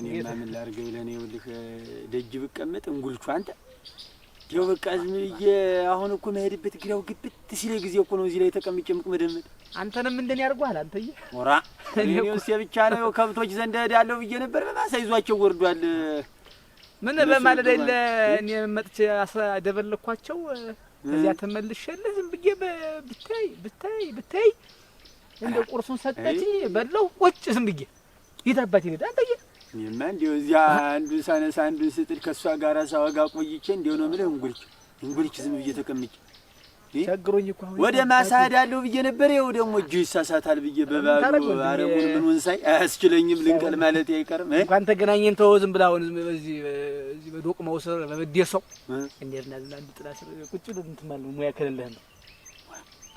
እኔማ ምን ላድርግ ይኸውልህ፣ ደጅ ብቀመጥ እንጉልቹ አንተ በቃ ዝም ብዬ አሁን እኮ መሄድበት ግራው ግብት ጊዜ እኮ ነው እዚህ ላይ ተቀምጬ አንተንም እንደኔ አንተዬ ሞራ እኔ ብቻ ነው ከብቶች ዘንድ እሄዳለሁ ብዬ ነበር። ይዟቸው ወርዷል። ምን በማለዳ የለ እኔ መጥቼ አስደበለኳቸው። ተመልሼልህ ዝም ብዬ ብታይ ብታይ ብታይ እንደ ቁርሱን በለው ቁጭ ዝም ብዬ የት አንተዬ እኔማ እንዲያው እዚያ አንዱን ሳነሳ አንዱን ስጥል ከእሷ ጋር ሳወጋ ቆይቼ እንዲያው ነው የምልህ እንጉልች እንጉልች ዝም ብዬ ተቀምጬ ቸግሮኝ እኮ አሁን ወደ ማሳ እሄዳለሁ ብዬ ነበር። ይኸው ደግሞ እጁ ይሳሳታል ብዬ በባዶ አረሙን ምኑን ሳይ አያስችለኝም ልንቀል ማለት አይቀርም። እንኳን ተገናኘን ተወው ዝም ብለህ አሁን በዚህ በዚህ በዶቅማው ስር በመደሰው እንዴት ናል አንድ ጥላ ስር ቁጭ ብለን እንትን ማለት ሙያ ከሌለህ ነው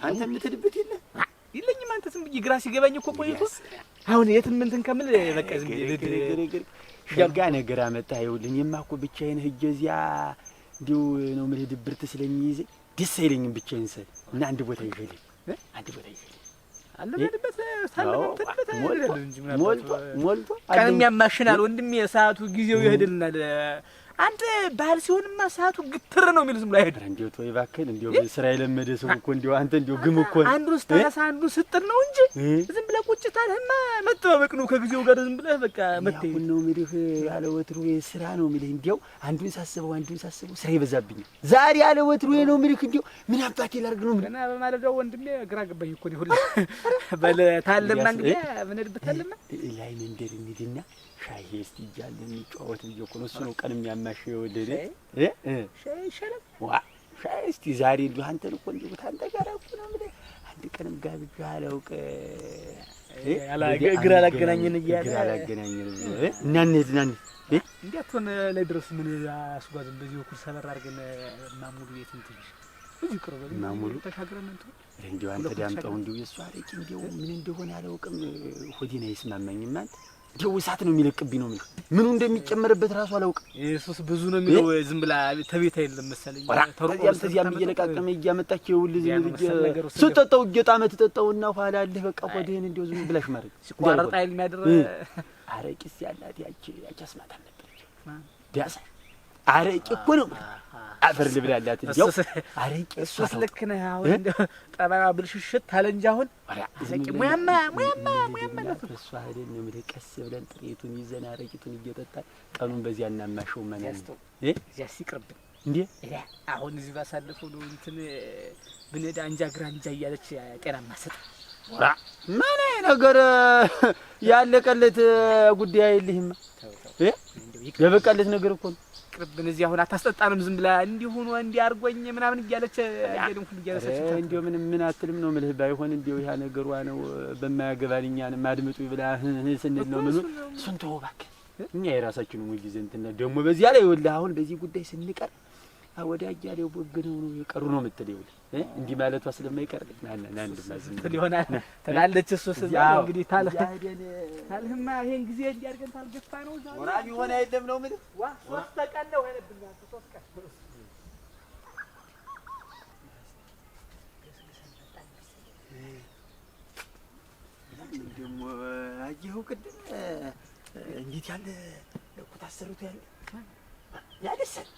አንተ የምትልበት የለ ይለኝ አንተ ዝም ብዬ ግራ ሲገባኝ እኮ ቆይቶ አሁን የትም እንትን ከምል በቃ ዝም ሸጋ ነገር አመጣ። ይኸውልህ እኔማ እኮ ብቻዬን ሂጅ እዚያ እንዲሁ ነው የምልህ ድብርት ስለሚይዘኝ ደስ አይለኝም ብቻዬን ስል እና አንድ ቦታ ይሄድ አንድ ቦታ ይሄድ ይፈልግ ሞልቶ ሞልቶ ቀን የሚያማሽናል ወንድሜ፣ ሰዓቱ ጊዜው ይሄድልናል። አንተ ባህል ሲሆንማ ሰዓቱ ግትር ነው የሚል ዝም ብሎ አይሄድም። እንዲያው ተወው እባክህን፣ እንዲያው ስራ የለመደ ሰው እኮ እንዲያው አንተ እንዲያው ግም እኮ አንዱ ስታነሳ አንዱ ስጥል ነው እንጂ ዝም ብለህ ቁጭ ታልህማ መጠባበቅ ነው ከጊዜው ጋር ዝም ብለህ በቃ መተህ ይሁን ነው የሚልህ። ያለ ወትሮ ስራ ነው የሚልህ። እንዲያው አንዱን ሳስበው አንዱን ሳስበው ስራ ይበዛብኝ። ዛሬ ያለ ወትሮ ነው የሚልህ። እንዲያው ምን አባቴ ላድርግ ነው ገና በማለዳው ወንድሜ ግራ ገባኝ እኮ ነው ሁሉ በል ታለና እንግዲህ ምን ልብ ልብታለና ላይ መንደር እንሂድና ሻይ እስቲ እያለ የሚጫወት ልጅ እኮ ነው። እሱ ነው ቀን የሚያማሽ የወደደ ሻይ ይሻላል። ዋ ሻይ እስቲ ዛሬ እንዲሁ አንተን እኮ እንዲሁ ጋር እኮ ነው የምልህ አንድ ቀንም አላውቅ እግር አላገናኘን እያለ አላገናኘን እና እንሂድ እና እንሂድ እንዲያትሆን ላይ ድረስ ምን አስጓዝም በዚህ በኩል ሰበር አድርገን ማሙሉ ቤት እዚህ ቅርብ ማሙሉ ተሻግረን እንትን እንዲሁ አንተ ዳምጠው እንዲሁ የእሱ አረቂ እንዲሁ ምን እንደሆነ አላውቅም። ሆዴን አይስማማኝም አንተ ይኸው እሳት ነው የሚለቅብኝ ነው የምልህ። ምኑ እንደሚጨመርበት ራሱ አላውቅም። ኢየሱስ ብዙ ነው የሚለው ዝም ብላ ተቤት አይደለም መሰለኝ። ተዚያም ተዚያም እየለቃቀመ እያመጣች ይኸውልህ ዝም ብዬ ስትጠጣው እየጣመ ትጠጣውና ኋላ አለህ በቃ ሆድህን እንደው ዝም ብለሽ ማድረግ ሲቋረጥ አይደል የሚያደርግ አረቂስ ያላት ያቺ ያቺ አስማት አልነበረች ዳሳ አረቄ እኮ ነው አፈር ልብላላት። እንዲያው አረቄ እሱስ ልክ ነህ። አሁን እንዲያው ጠባባ ብልሽሽት አለ እንጂ አሁን አረቄ ሙያማ ሙያማ ሙያማ ነው እሱ አይደል? ነው የምልህ ቀስ ብለን ጥሬቱን ይዘን አረቂቱን እየጠጣን ቀኑን በዚያ እናማሸው ማን ነው እ እዚያስ ይቅርብን እንዴ አሁን እዚህ ባሳለፈው ነው እንትን ብነዳ አንጃ ግራ አንጃ እያለች ጤናማ ሰጥ ምን ነገር ያለቀለት ጉዳይ የለህማ። የበቃለት ነገር እኮ ነው ይቅርብን። እዚህ አሁን አታስጠጣንም። ዝም ብላ እንዲህ ሆኖ እንዲህ ምናምን እያለች አየልም ሁሉ እያለሰች እንዲሁ ምንም ምን አትልም ነው ምልህ። ባይሆን እንዲሁ ያ ነገሯ ነው በማያገባን እኛንም አድምጡ ብላ ስንል ነው ምኑ እሱን ተወው እባክህ። እኛ የራሳችንን ጊዜ እንትን ደግሞ በዚያ ላይ ወላ አሁን በዚህ ጉዳይ ስንቀር ወደ አያሌው ቦግነው ነው የቀሩ ነው የምትል ይኸውልህ እንዲህ ማለቷ ስለማይቀር ና ና እንድማ ዝም ይሆናል ትላለች። እሱ ስዛ እንግዲህ ታልህ ታልህማ ይሄን ጊዜ እንዲያርገን አድርገን ታልገፋ ነው ዛሬ ወራጅ የሆነ የለም ነው ምን ዋ ሶስት ቀን ነው ሄደብኝ አንተ ሶስት ቀን ደግሞ አየኸው ቅድም እንዴት ያለ ቁጣ ሰሩት ያለ ያደሰል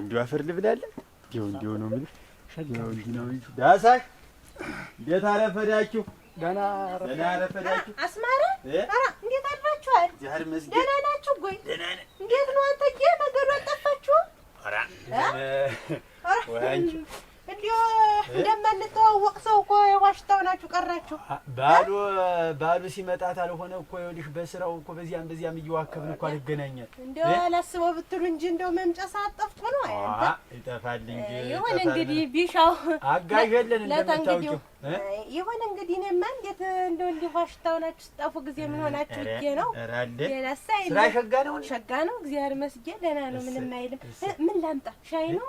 እንዲሁ አፈር ልብላለህ። እንዲሁ እንዲሁ ነው የምልህ። ዳሳሽ እንዴት አረፈዳችሁ? ደህና አረፈዳችሁ። አስማረ እንዴት አድራችኋል? ደህና ናችሁ? ጎይ እንዴት ነው አንተ ጌ ነገሩ አልጠፋችሁም? እንዲሁ እንደማንተዋወቅ ሰው እኮ ዋሽታው ናችሁ ቀራችሁ። ባሉ ባሉ ሲመጣት አልሆነ እኮ ይኸውልሽ፣ በስራው እኮ በዚያም በዚያም እየዋከብን እኮ አልገናኛል። እንደው ያላስበው ብትሉ እንጂ እንደው መምጫ ሰዓት ነው። አንተ ይጠፋል እንጂ ይሁን እንግዲህ፣ ቢሻው አጋዥ የለን እንደምታውቂው። ይሁን እንግዲህ እኔማ እንዴት እንደው እንዲህ ዋሽታው ናችሁ ስጠፉ ጊዜ ምን ሆናችሁ እጄ ነው ሌላሳ ስራ ሸጋ ነው ሸጋ ነው። እግዚአብሔር ይመስገን ደህና ነው፣ ምንም አይልም። ምን ላምጣ? ሻይ ነው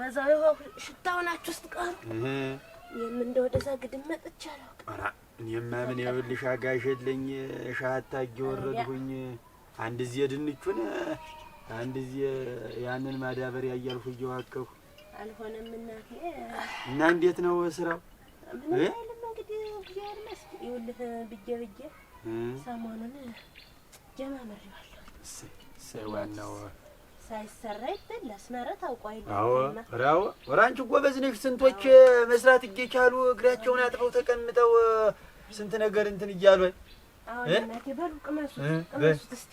በዛው ይኸው ሽታውን ስትቀሩ ይህም እንደ ወደዛ ግድም ምን ይኸውልሽ አጋሽ የለኝ ሻታ እየወረድኩኝ አንድ እዚህ ድንቹን አንድ ያንን ማዳበሪያ እያልኩ እየዋከሁ አልሆነም። እናቴ እና እንዴት ነው ስራው? ምን አይልም እንግዲህ እግዚአብሔር ይመስገን። ይኸውልህ ብዬ ብዬ ሰሞኑን ጀማምሬዋለሁ። ዋናው ሳይሰራ ይበል ላስመረት አውቋይ አዎ፣ ወራንቺ ጎበዝ ነሽ። ስንቶች መስራት እየቻሉ እግራቸውን አጥፈው ተቀምጠው ስንት ነገር እንትን እያሉ አዎ። እናቴ በሉ ቅመሱት፣ ቅመሱት እስቲ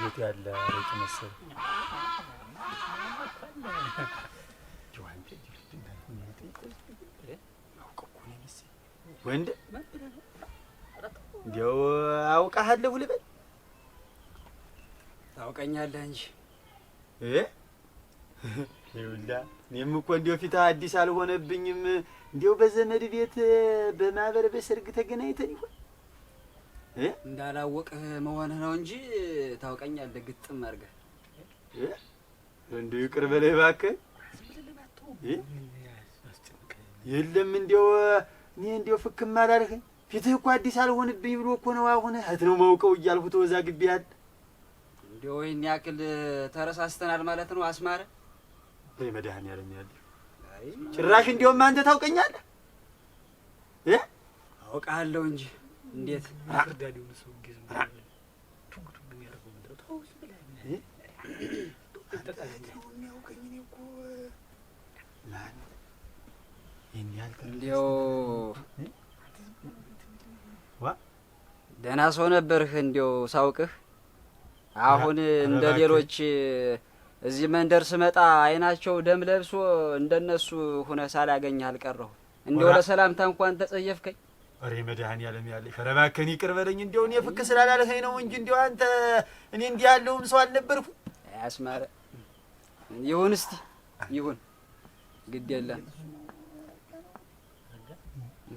ቤት ያለ መሰል ወንድ እንዲያው አውቃሃለሁ ልበል? ታውቀኛለህ እንጂ ይውላ እኔም እኮ እንዲያው ፊት አዲስ አልሆነብኝም። እንዲያው በዘመድ ቤት በማህበር በሰርግ ተገናኝተን ይሆን እንዳላወቅህ መሆንህ ነው እንጂ ታውቀኛለህ። ግጥም አድርገህ እንዲሁ ይቅር እባክህ። የለም እንዲያው እኔ እንዲያው ፍክም አላልህ ፊትህ እኮ አዲስ አልሆንብኝ ብሎ እኮ ነው። አሁን እህት ነው ማውቀው እያልሁ ተወዛ ተወዛግቤያለሁ። እንዲያው ወይን ያክል ተረሳስተናል ማለት ነው አስማረ። ይ መድህን ያለኛል። ጭራሽ እንዲሁም አንተ ታውቀኛለህ አውቃለሁ እንጂ እንዴት ራቅ እንዲያው ደህና ሰው ነበርህ፣ እንዲው ሳውቅህ። አሁን እንደ ሌሎች እዚህ መንደር ስመጣ አይናቸው ደም ለብሶ እንደነሱ ሁነህ ሳላገኝህ አልቀረሁም። እንዲያው ለሰላምታ እንኳን ተጸየፍከኝ። ወሬ መድኃኒዓለም ያለሽ፣ ያለ እባክህን ይቅር በለኝ። እንዲያው እኔ ፍክ ስላላለኸኝ ነው እንጂ እንዲያው አንተ እኔ እንዲህ ያለውም ሰው አልነበርኩ። አስማረ ይሁን፣ እስቲ ይሁን፣ ግድ የለም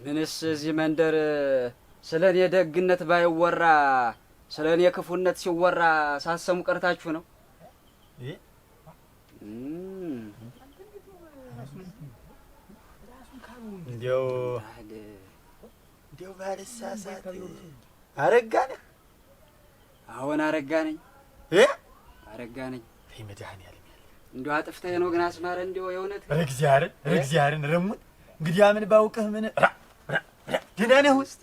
ግንስ እዚህ መንደር ስለ እኔ ደግነት ባይወራ ስለ እኔ ክፉነት ሲወራ ሳሰሙ ቀርታችሁ ነው። እንዲያው እንዲያው ባልሳሳት አረጋ ነህ? አሁን አረጋ ነኝ፣ አረጋ ነኝ። መድኃኒዓለም እንዲያው አጥፍተህ ነው ግን አስማረ፣ እንዲያው የእውነት ኧረ እግዚአብሔርን እግዚአብሔርን ረሙን እንግዲህ ምን ባውቅህ ምን ደህና ነህ ውስጥ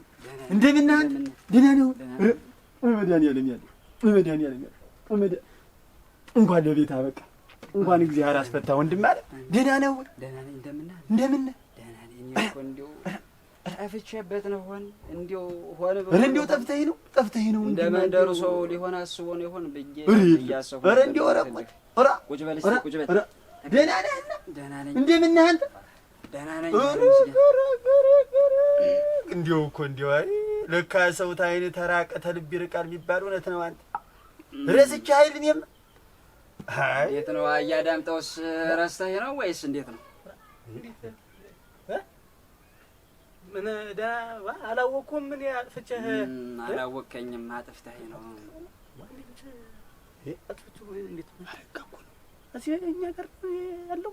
እንደምን ነህ? ደህና ነህ? መድኃኒዓለም ያለ መድኃኒዓለም ያለ እንኳን ለቤት አበቃ እንኳን እግዚአብሔር አስፈታ ወንድም አለ። ደህና ነህ? እንደምን ነህ? ጠፍቼበት ነው ሆን እንዲው ሆነ ኧረ እንዲው ጠፍተህ ነው ጠፍተህ ነው እንደ መንደሩ ሰው ሊሆን አስቦ ነው ይሆን ብዬ እያሰብኩ ኧረ እንዲው ኧረ ቁጭ በል እስኪ ቁጭ በል ደህና ነህ? እንደምን ነህ አንተ? ደህና ነኝ። እንዲሁ እኮ እንዲሁ አይ ልካ ሰው ታይን ተራቀ ተልብ ይርቃል የሚባል እውነት ነው። አንተ ረስቼ ኃይል እኔም እንዴት ነው አያዳምጠውስ ረስተህ ነው ወይስ እንዴት ነው? ምን ዳ አላወቅኩም። ምን ያጥፍቼህ አላወቅከኝም። አጥፍተህ ነው እኛ ጋር ያለው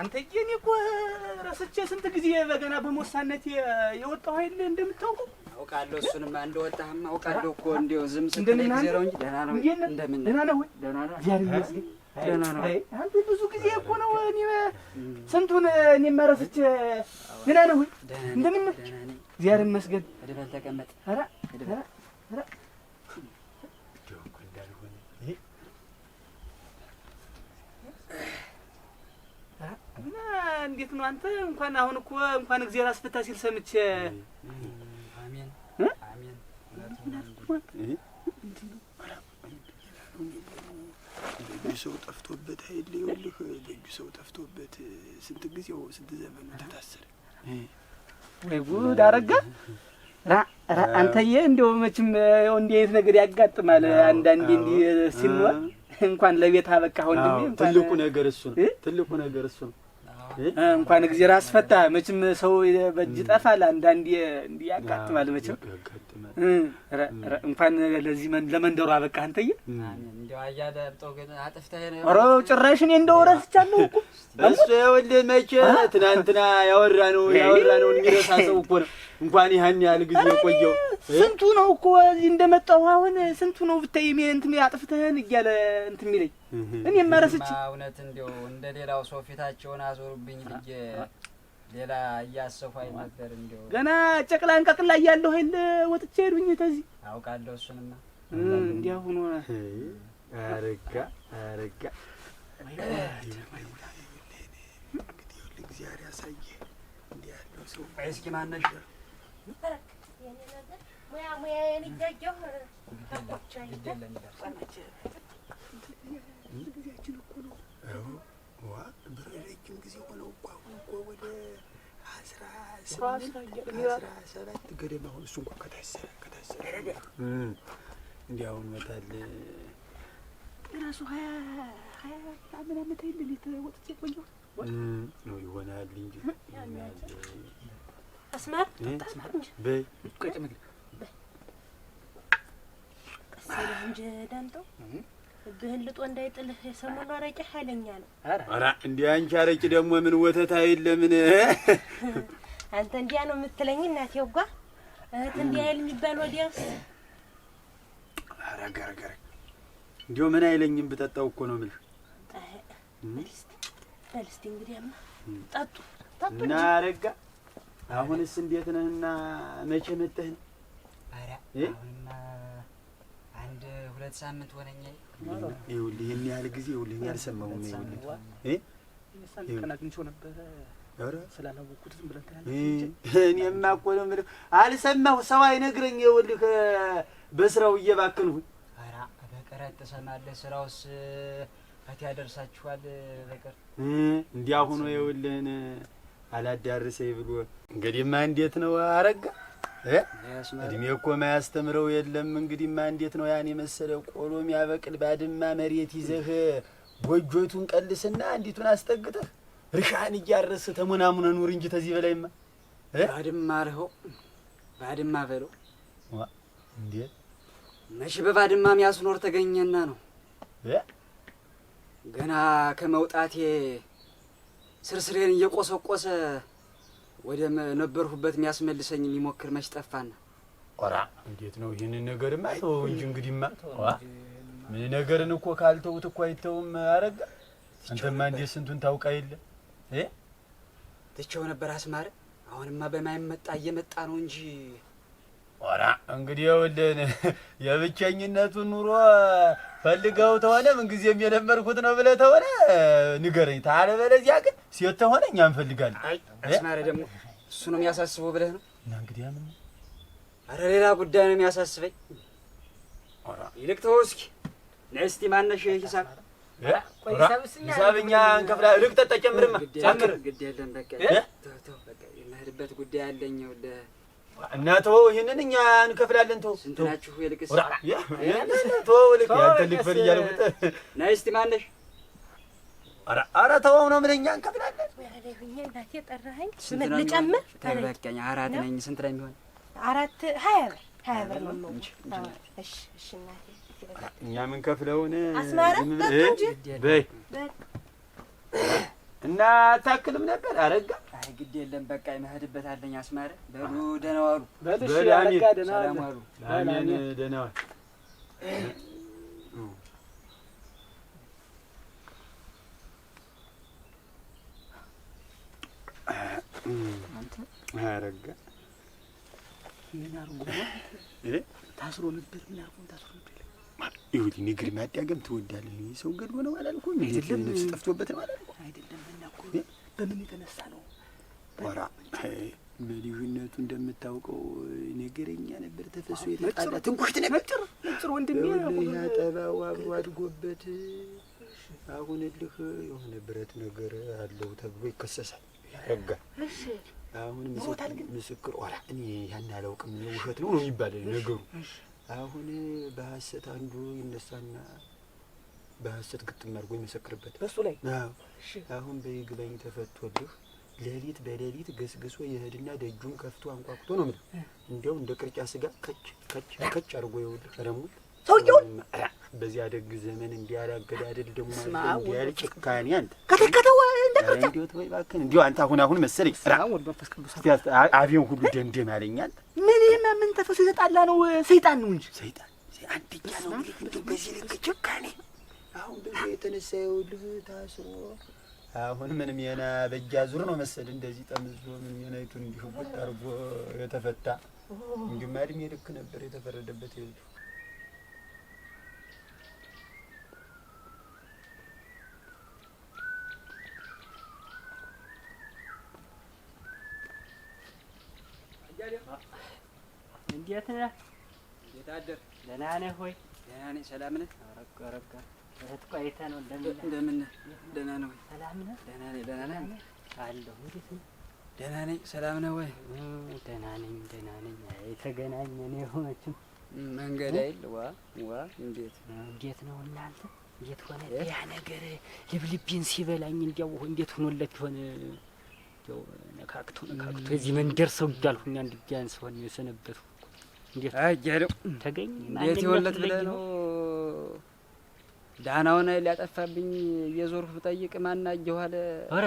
አንተዬ እኔ እኮ ረስቼ ስንት ጊዜ በገና በሞሳነት የወጣሁ አይደል? እንደምታውቁ አውቃለሁ። እሱንም አንድ እንደወጣህማ አውቃለሁ እኮ እንደው ዝም ስትለኝ ጊዜ ነው እንጂ ደህና ነው። እንደምን ደህና ነው ወይ? ደህና ነው። ደህና ነው። አንተ ብዙ ጊዜ እኮ ነው እኔ ስንቱን እኔ ማረስቼ ደህና ነው ወይ? እንደምን ነው? እግዚአብሔር ይመስገን። ተቀመጥ። ኧረ ኧረ ኧረ እና እንዴት ነው አንተ? እንኳን አሁን እኮ እንኳን አስፈታ ሲል ሰምቼ ሰው ጠፍቶበት ኃይል ይኸውልህ፣ ሰው ጠፍቶበት ስንት ጊዜው ስንት ዘመኑ ተታሰረ። ወይ ጉድ አረጋ አንተዬ። እንደው መቼም እንዲህ አይነት ነገር ያጋጥማል አንዳንዴ እንዲህ ሲኖር እንኳን ለቤት አበቃ። አሁን ትልቁ ነገር እሱ ነው። ትልቁ ነገር እሱ ነው። እንኳን እግዜር አስፈታ። መቼም ሰው በእጅ ጠፋል፣ አንዳንዴ እንዲህ ያጋጥማል። መቼም እንኳን ለዚህ ለመንደሩ አበቃ። አንተዬ ኧረ ጭራሽ እኔ እንደው ረስቻለሁ እኮ እሱ። ይኸውልህ መቼ ትናንትና ያወራ ነው ያወራ ነው የሚረሳ ሰው እኮ ነው እንኳን ይህን ያህል ጊዜ የቆየው ስንቱ ነው እኮ እዚህ እንደመጣሁ አሁን ስንቱ ነው ብታይ ሜ እንትን አጥፍተህን እያለ እንትን የሚለኝ እኔ ማረስች እውነት እንዲያው እንደ ሌላው ሰው ፊታቸውን አዞሩብኝ ብዬ ሌላ እያሰፋ አይነበር እንዲያው ገና ጨቅላ እንቀቅላ እያለሁ ሀይል ወጥቼ ሄዱኝ ተዚህ አውቃለሁ። እሱንማ እንዲያ ሁኖ አረጋ አረጋ እንግዲህ ሁል ጊዜ ያሳየ እንዲህ ያለው ሰው እስኪ ማነሽ በረጅም ጊዜ ሆነው እኮ አሁን እኮ ወደ አስራ ሰባት ገደማ አሁን እሱ እንኳን ከታሰረ ከታሰረ እንዲህ አሁን መታል የራሱ ሀያ ሀያ ምናምን አይደል የተወጥቼ ቆየሁ ይሆናል እንጂ ይሆናል አስማር ብህን ልጦ እንዳይጥልህ የሰሞኑ አረቄ ኃይለኛ ነው። ኧረ እንዲህ አንቺ አረቄ ደግሞ ምን ወተት አይል ምን አንተ እንዲያ ነው የምትለኝ እናቴ ጓ እህት እንዲህ አይል የሚባል ወዲያውስ እንዲሁ ምን አይለኝም ብጠጣው እኮ ነው በል ጠጡ ጠጡ እና አረጋ አሁንስ እንዴት ነህና መቼ መተህን? ኧረ አሁንማ አንድ ሁለት ሳምንት ሆነኝ። ይኸውልህ ይህን ያህል ጊዜ ይኸውልህ ያልሰማሁም ይኸውልህ እኔማ እኮ ነው የምልህ አልሰማሁ ሰው አይነግረኝ። ይኸውልህ በስራው እየባከንሁኝ። ኧረ በቀረት ትሰማለህ። ስራውስ ፈት ያደርሳችኋል። በቀር እንዲያ ሆኖ ይኸውልህን አላዳርሰኝ ብሎ እንግዲህማ እንዴት ነው አረጋ እድሜ እኮ ማያስተምረው የለም። እንግዲህማ እንዴት ነው ያን የመሰለ ቆሎ የሚያበቅል ባድማ መሬት ይዘህ ጎጆቱን ቀልስና አንዲቱን አስጠግተህ እርሻን እያረስ ተሞናሙነ ኑር እንጂ ተዚህ በላይማ ባድማ ርኸው ባድማ በለው እንዴ መሽ በባድማ ሚያስኖር ተገኘና ነው ገና ከመውጣቴ ስርስሬን እየቆሰቆሰ ወደ ነበርሁበት የሚያስመልሰኝ የሚሞክር መች ጠፋና። ቆራ እንዴት ነው ይህንን ነገር ማይተው እንጂ እንግዲህ ማ ምን ነገርን እኮ ካልተውት እኮ አይተውም። አረጋ አንተማ እንዴት ስንቱን ታውቃ የለ ትቼው ነበር አስማረ። አሁንማ በማይመጣ እየመጣ ነው እንጂ ወራ እንግዲህ ይኸውልህ የብቸኝነቱን ኑሮ ፈልገው ተሆነ ምንጊዜም የለመድኩት ነው ብለህ ተሆነ ንገረኝ። ታለ በለዚያ ግን ሴት ተሆነ እኛ እንፈልጋለን። አስማረ ደግሞ እሱ ነው የሚያሳስበው ብለህ ነው እና እንግዲህ ያምን አረ ሌላ ጉዳይ ነው የሚያሳስበኝ። ይልቅ ተወው እስኪ ነይ ማነሽ ሂሳብ ሂሳብ እኛ እንከፍላ ልቅ ጠጣ ጨምርማ ጨምር ግድ የለም በቃ ተው ተው በቃ የማሄድበት ጉዳይ አለኝ ይኸውልህ እናቶ ተወው፣ ይሄንን እኛ እንከፍላለን። ተወው ስንት የልቅስ ልክ ያንተ ልክፈል እያልኩት ነይ እስኪ ማነሽ? ኧረ ተው ነው የምልህ፣ እኛ እንከፍላለን። እናቴ አራት ነኝ። ስንት ነው የሚሆን? አራት ሀያ ብር ሀያ ብር ነው። እሺ እናቴ፣ እኛ አስማረ በይ እና ታክልም ነበር አረጋ። አይ ግድ የለም በቃ የመሄድበት አለኝ። አስማረ በሉ ደህና ዋሉ። በልሽ አረጋ ደህና ዋሉ። ላሜን ደህና ዋል። አረጋ ምን አርጎ ታስሮ ነበር? ምን አርጎ ታስሮ ነበር? ይሁዲ ንግር ማዳገም ትወዳለህ? ሰው ገድሎ ነው አላልኩም። የለም ነፍስ ጠፍቶበት ነው አላልኩም። አይደለም መናኮር በምን የተነሳ ነው? ወራ በልዩነቱ እንደምታውቀው ነገረኛ ነበር። ተፈሶ የተጣላ ትንኩሽት ነበር። ነጭር ወንድሜ ያጠባው አብሮ አድጎበት አሁን ልህ የሆነ ብረት ነገር አለው ተብሎ ይከሰሳል። ረጋ አሁን ምስክር ወራ እኔ ያን አላውቅም፣ ውሸት ነው ነው የሚባል ነገሩ። አሁን በሀሰት አንዱ ይነሳና በሀሰት ግጥም አድርጎ የመሰክርበት በሱ ላይ አሁን በይግባኝ ተፈቶልህ ሌሊት በሌሊት ገስግሶ የህድና ደጁን ከፍቶ አንቋቁቶ ነው የምልህ። እንዲያው እንደ ቅርጫ ስጋ ከች ከች ከች አድርጎ ይኸውልህ ረሙል ሰውየውን በዚያ ደግ ዘመን እንዲያላገድ አይደል ደግሞ እንዲያል ጭካኔ አንተ ከተከተው እንደ ቅርጫ እንዲሁ ተወይ እባክህን እንዲሁ አንተ አሁን አሁን መሰለኝ ቅዱስ አፌን ሁሉ ደምደም አለኛል። ምን ይህማ ምን ተፈሱ የተጣላ ነው ሰይጣን ነው እንጂ ሰይጣን አንደኛ ነው እንግዲህ በዚህ ልክ ጭካኔ አሁን በዛ የተነሳ ይኸውልህ ታስሮ አሁን ምንም የና በእጅ አዙር ነው መሰል እንደዚህ ጠምዞ ምንም የናይቱን እንዲሁ ቁጭ አድርጎ የተፈታ እንጂማ እድሜ ልክ ነበር የተፈረደበት። ይኸውልህ እንዴት ነህ? እንዴት አደርክ? ደህና ነህ ወይ? ደህና ነኝ። ሰላም ነህ? ረጋ ረጋ እንደምን ደህና ነው? ደህና ነህ? ደህና ነኝ። ሰላም ነህ ወይ? ደህና ነኝ፣ ደህና ነኝ። የተገናኘን የሆነችም መንገድ አይደል? ዋ ዋ! እንዴት እንዴት ነው እናንተ? እንዴት ሆነ ያ ነገር? ልብልቤን ሲበላኝ እንዲያው እንዴት ሆኖለት ይሆን? ያው ነካክቶ ነካክቶ የዚህ መንደር ሰው እያልሁኝ አንድ ቢያንስ ሲሆን የሰነበቱ እንዴት ተገኝ? እንዴት ይሆንለት ብለህ ነው ሆነ ሊያጠፋብኝ የዞርሁ ብጠይቅ ማና አየኋለ? ኧረ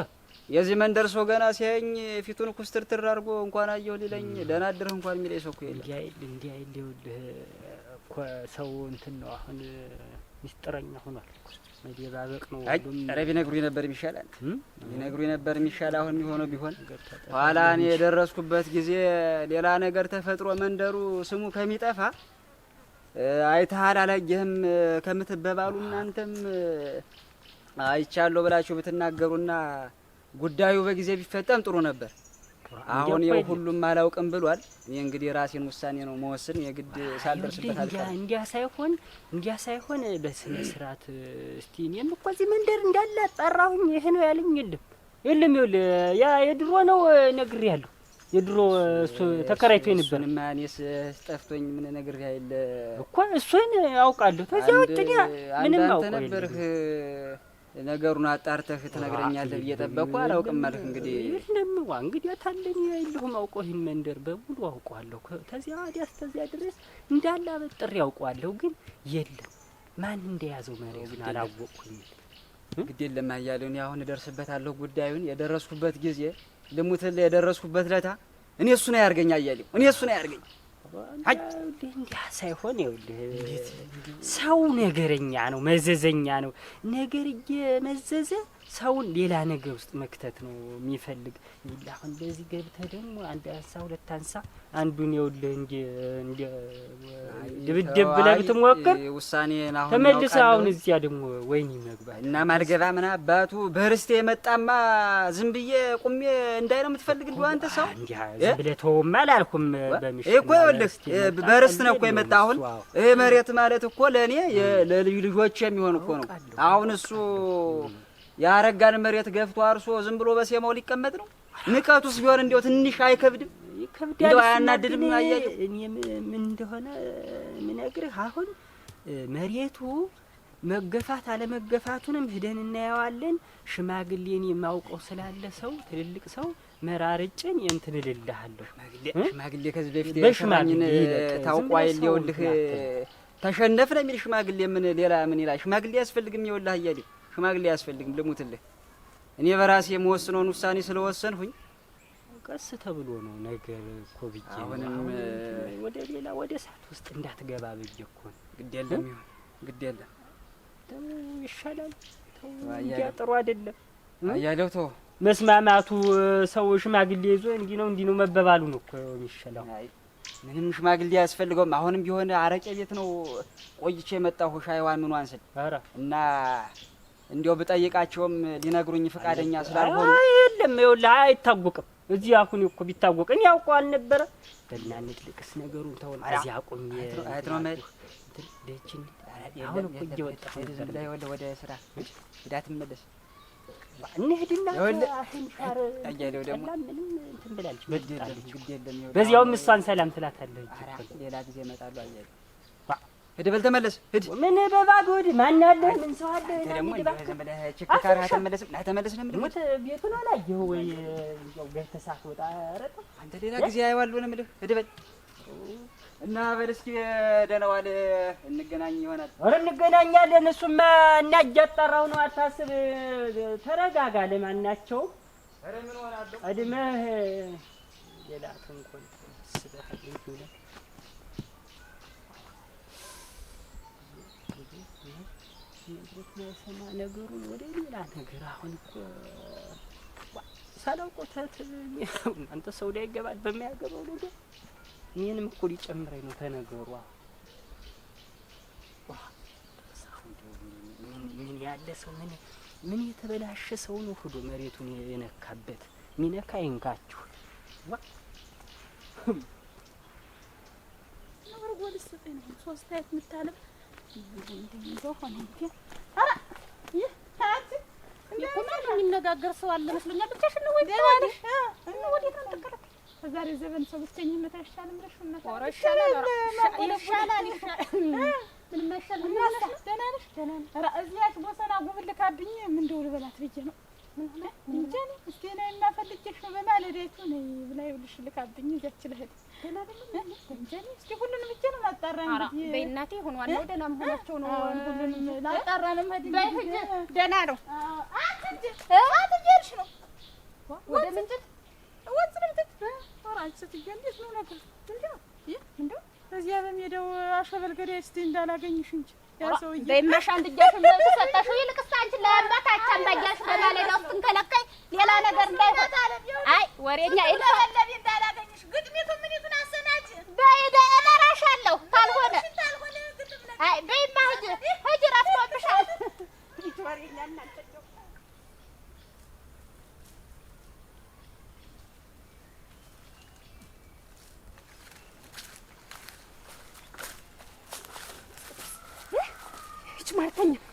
የዚህ መንደር ሰው ገና ሲያየኝ ፊቱን ኩስትርትር አድርጎ እንኳን አየሁ ሊለኝ ደህና አደርህ እንኳን የሚለኝ ሰው እኮ የለም። እንዲህ አይል እንዲህ አይል ይኸውልህ እኮ ሰው እንትን ነው አሁን ሚስጥረኛ ሆኗል። መደባበቅ ነው። ኧረ ቢነግሩኝ ነበር የሚሻላል፣ ቢነግሩኝ ነበር የሚሻል። አሁን የሚሆነው ቢሆን ኋላ እኔ የደረስኩበት ጊዜ ሌላ ነገር ተፈጥሮ መንደሩ ስሙ ከሚጠፋ አይተሃል አላየህም ከምትበባሉ እናንተም አይቻለሁ ብላችሁ ብትናገሩና ጉዳዩ በጊዜ ቢፈጠም ጥሩ ነበር። አሁን ያው ሁሉም አላውቅም ብሏል። እኔ እንግዲህ ራሴን ውሳኔ ነው መወስን የግድ ሳልደርስበት እንዲያ ሳይሆን እንዲያ ሳይሆን በስነ ስርዓት እስቲ እኔም እኮ እዚህ መንደር እንዳለ አጣራሁኝ። ይህ ነው ያለኝ የለም የለም፣ ይኸውልህ ያ የድሮ ነው ነግሬያለሁ የድሮ እሱ ተከራይቶ ነበር። ማንስ ጠፍቶኝ ምን ነገር ያለ እኮ እሱን አውቃለሁ። ከዚያ ወጥኛ ግን ምንም አውቀው ነበርህ። ነገሩን አጣርተህ ትነግረኛለህ ብዬ ጠበቅኩ። አላውቅም አልክ። እንግዲህ ዋ እንግዲህ ታለኝ የለሁም አውቀው ይህን መንደር በሙሉ አውቀዋለሁ። ተዚያ ወዲያስ ተዚያ ድረስ እንዳለ አበጥሬ ያውቀዋለሁ። ግን የለም ማን እንደያዘው መሪ ግን አላወቅኩኝ። ግድ የለም አያሌውን አሁን እደርስበታለሁ ጉዳዩን የደረስኩበት ጊዜ ልሙት የደረስኩበት ለታ እኔ እሱ ነው አያርገኝ አያሌው፣ እኔ እሱ እሱን አያርገኝ እንዳ ሳይሆን ይኸውልህ ሰው ነገረኛ ነው፣ መዘዘኛ ነው። ነገር እየመዘዘ ሰውን ሌላ ነገር ውስጥ መክተት ነው የሚፈልግ። አሁን በዚህ ገብተህ ደግሞ አንድ አንሳ ሁለት አንሳ አንዱን የውልህ እንደ ድብድብ ብለህ ብትሞክር ውሳኔን አሁን ተመልሰህ አሁን እዚያ ደግሞ ወይን ይመግባል እና ማልገባ ምን አባቱ በርስቴ የመጣማ ዝም ብዬ ቁሜ እንዳይ ነው የምትፈልግ እንዲ አንተ ሰው ዝም ብለህ ተወውም አላልኩም። በምሽ እኮ ይኸውልህ በርስት ነው እኮ የመጣ አሁን መሬት ማለት እኮ ለእኔ ለልዩ ልጆች የሚሆን እኮ ነው አሁን እሱ ያረጋን መሬት ገፍቶ አርሶ ዝም ብሎ በሴማው ሊቀመጥ ነው? ንቀቱስ ቢሆን እንዲያው ትንሽ አይከብድም? ይከብዳል። እንደው አያናድድም? አያየው እኔ ምን እንደሆነ ምነግርህ አሁን መሬቱ መገፋት አለመገፋቱንም ሂደን እናየዋለን። ሽማግሌን የማውቀው ስላለ ሰው ትልልቅ ሰው መራርጭን የእንትን እልልሃለሁ። ሽማግሌ ከዚህ በፊት ሽማግሌ ታውቋ የለውልህ ተሸነፍ ነው የሚል ሽማግሌ ምን ሌላ ምን ይላል? ሽማግሌ አያስፈልግም። ይኸውልህ አያሌው ሽማግሌ አያስፈልግም። ልሙትልህ እኔ በራሴ የመወስነውን ውሳኔ ስለወሰንሁኝ ቀስ ተብሎ ነው ነገር እኮ ብዬ አሁንም ወደ ሌላ ወደ እሳት ውስጥ እንዳትገባ ብዬ እኮ ነው። ግድ የለም ይሁን፣ ግድ የለም ደግሞ ይሻላል። ጥሩ አይደለም እያለሁ ተው መስማማቱ ሰው ሽማግሌ ይዞ እንዲህ ነው እንዲህ ነው መበባሉ ነው እኮ የሚሻለው። ምንም ሽማግሌ ያስፈልገውም። አሁንም ቢሆን አረቄ ቤት ነው ቆይቼ የመጣሁ ሻይዋን ምኗን ስል እና እንዲው ብጠይቃቸውም ሊነግሩኝ ፈቃደኛ ስላልሆኑ የለም። ይኸውልህ አይታወቅም። እዚህ አሁን እኮ ቢታወቅን ያውቀዋል ያውቀው አልነበረ። በእናንት ልቅስ ነገሩን ተውን። እዚህ አቁም። አያት ነው መሄድ ደችን አሁን እኮ እየወጣሁ ነበር። ይኸውልህ ወደ ስራ ሂዳት መለስ እንሂድና ህንሻር እያሌው ደግሞ ምንም እንትን ብላለች። በዚያውም እሷን ሰላም ትላታለች። ሌላ ጊዜ እመጣለሁ አያሌው ሂድ በል ተመለስ። ሂድ ምን በባዶ ሂድ። ማን አለ? ምን ሰው አለ? ደግሞ ዝም ብለህ ችክ ካርህ አትመለስም። ና ተመለስ። ነው የምልህ ቤቱን አላየኸው ወይ? እንደው ገብተህ ሳትወጣ ኧረ ተው አንተ ሌላ ጊዜ አየዋለሁ ነው የምልህ። ሂድ በል እና በል እስኪ ደህና ዋል። እንገናኝ ይሆናል። ኧረ እንገናኛለን። እሱማ እና እያጣራሁ ነው። አታስብ። ተረጋጋ። ለማናቸውም ኧረ ምን ሆናለሁ። ቀድመህ ሌላ ተንኮል ስበህ ስማ ነገሩን ወደ ሌላ ነገር አሁን እኮ ሳላውቀው አንተ ሰው ላይ ይገባል በሚያገባው ነገር እኔንም እኮ ሊጨምረኝ ነው ተነገሩ። ምን ያለ ሰው ምን ምን የተበላሸ ሰው ነው ሂዶ መሬቱን የነካበት ሚነካ ይንካችሁ። ነው ሶስት አይነት የምታለም እንደሚዘው ሆነ የሚነጋገር ሰው አለ መስሎኛል። ብቻሽን ነው ወይ? በዛሬ ዘመን ሰው ብቸኝነት አይሻልም ብለሽ ምንም አይሻልም። ደህና ነሽ? እዚያች ቦሰና ጉብልካብኝ ምን እንደው ልበላት ብዬሽ ነው እንጃ እስኪ ነይ እና ፈልጌሽ ነይ ብላ ይኸውልሽ ልካብኝ እዚያች ልሂድ እስኪ ሁሉንም እጄ ነው ላጣራ ነው በእናቴ ሆኗል ነው ደህና መሆናቸው ነው ሁሉንም ላጣራ ነው ደህና ነው እዚያ ገዳይ እስኪ እንዳላገኝሽ እንጂ ያ ሰውዬ በይማሽ አንድ እጃሽን ሰጣሽው። ይልቅስ አንቺን ለአንባታች አምባያሽ በማለዳ ውስጥ ሌላ ነገር እንዳይሆን። አይ ወሬኛ ይለለብ እንዳላገኝሽ ግጥሚቱ ምኒቱን አሰናጅ በይደ እመራሻለሁ። ካልሆነ አይ በይማ ሂጂ ሂጂ፣ ረፍቶብሻል። ወሬኛ እናንተ አልተኛም